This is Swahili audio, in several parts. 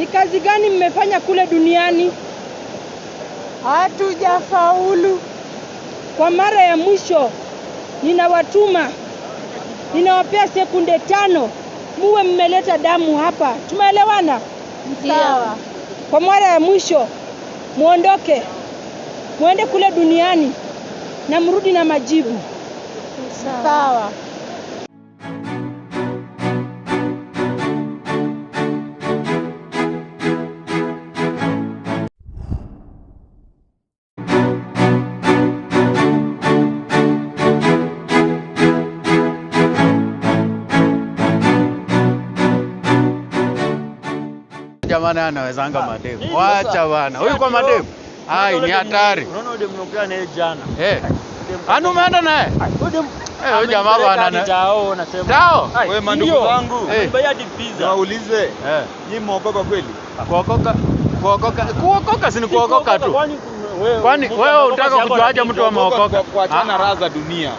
Ni kazi gani mmefanya kule duniani? Hatujafaulu. Kwa mara ya mwisho, ninawatuma, ninawapea sekunde tano, muwe mmeleta damu hapa. Tumeelewana? Sawa. Kwa mara ya mwisho, muondoke, muende kule duniani na mrudi na majibu. Sawa. jamani anawezanga ah, mademu. Wacha bana. Huyu kwa mademu. Hai ni hatari. Unaona ule nokea naye jana. Eh. Anu umeenda naye? Dem. Eh, huyu jamaa bana na tao nasema. Tao. Wewe mandugu wangu. Mbaya di pizza. Waulize. Eh. Nyinyi mwokoka kweli? Kuokoka. Kuokoka. Kuokoka si ni kuokoka tu. Kwani wewe unataka kujuaje mtu ameokoka? Ah. Kuachana raha za dunia.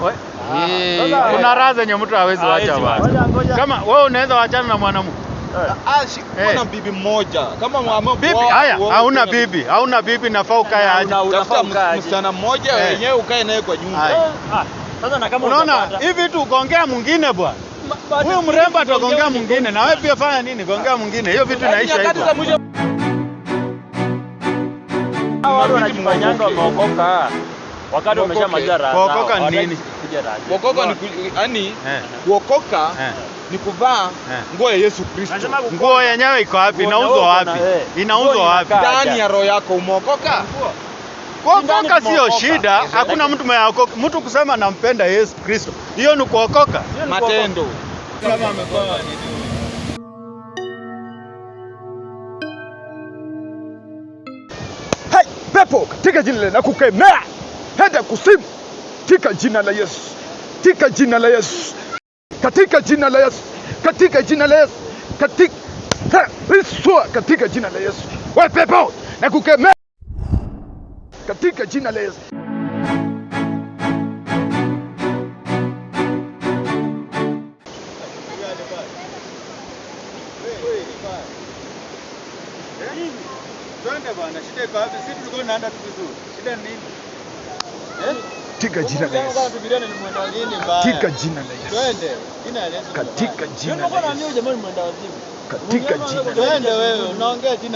Ah, Kuna raha zenye mtu hawezi wacha bana. Kama wewe unaweza wachana na mwanamke Hey. Eh. Bibi mmoja kama mama bibi, haya hauna bibi, hauna bibi, nafaa ukae aje, tafuta msichana mmoja eh. wenyewe ukae naye kwa nyumba. Ah, sasa na kama unaona hivi tu ukaongea mwingine bwana, huyu mrembo atakongea mwingine, na wewe pia fanya nini, gongea mwingine, hiyo vitu yaani inaisha hivyo. Watu wanajifanyanga wameokoka wakati wameshamaliza raha. Eh. Kuokoka ni nini? Kuokoka ni yani kuokoka ni kuvaa eh. nguo ya Yesu Kristo. Nguo yenyewe iko wapi? Inauzwa wapi? Eh. Inauzwa wapi? Ndani ya roho yako umeokoka. Kuokoka sio shida, hakuna mtu mweokoka. Mtu kusema nampenda Yesu Kristo, hiyo ni kuokoka. Matendo kama Hai, pepo katika jina la kukemea, henda kusimu tika jina la Yesu, tika jina la Yesu katika jina la Yesu, katika jina la Yesu, katika Iswa, katika jina la Yesu, wewe pepo na kukemea katika jina la Yesu. Twende bwana, shida iko wapi? Sisi tulikuwa tunaenda tu vizuri, shida ni nini? Eh? katika jina la Yesu, katika jina la Yesu, katika jina la Yesu, katika jina la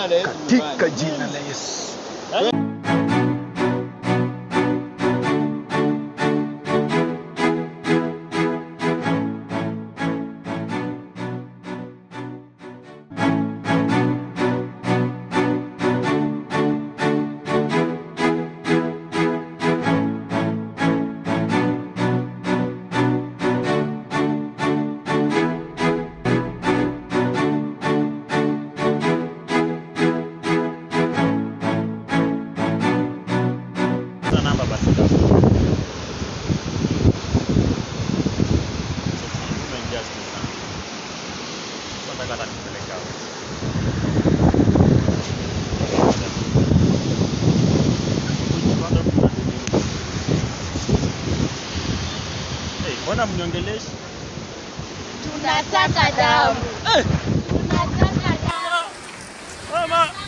Yesu, katika jina la Yesu. capacidad. Mbona mniongeleshi? Tu damu. Tunataka damu. Mama.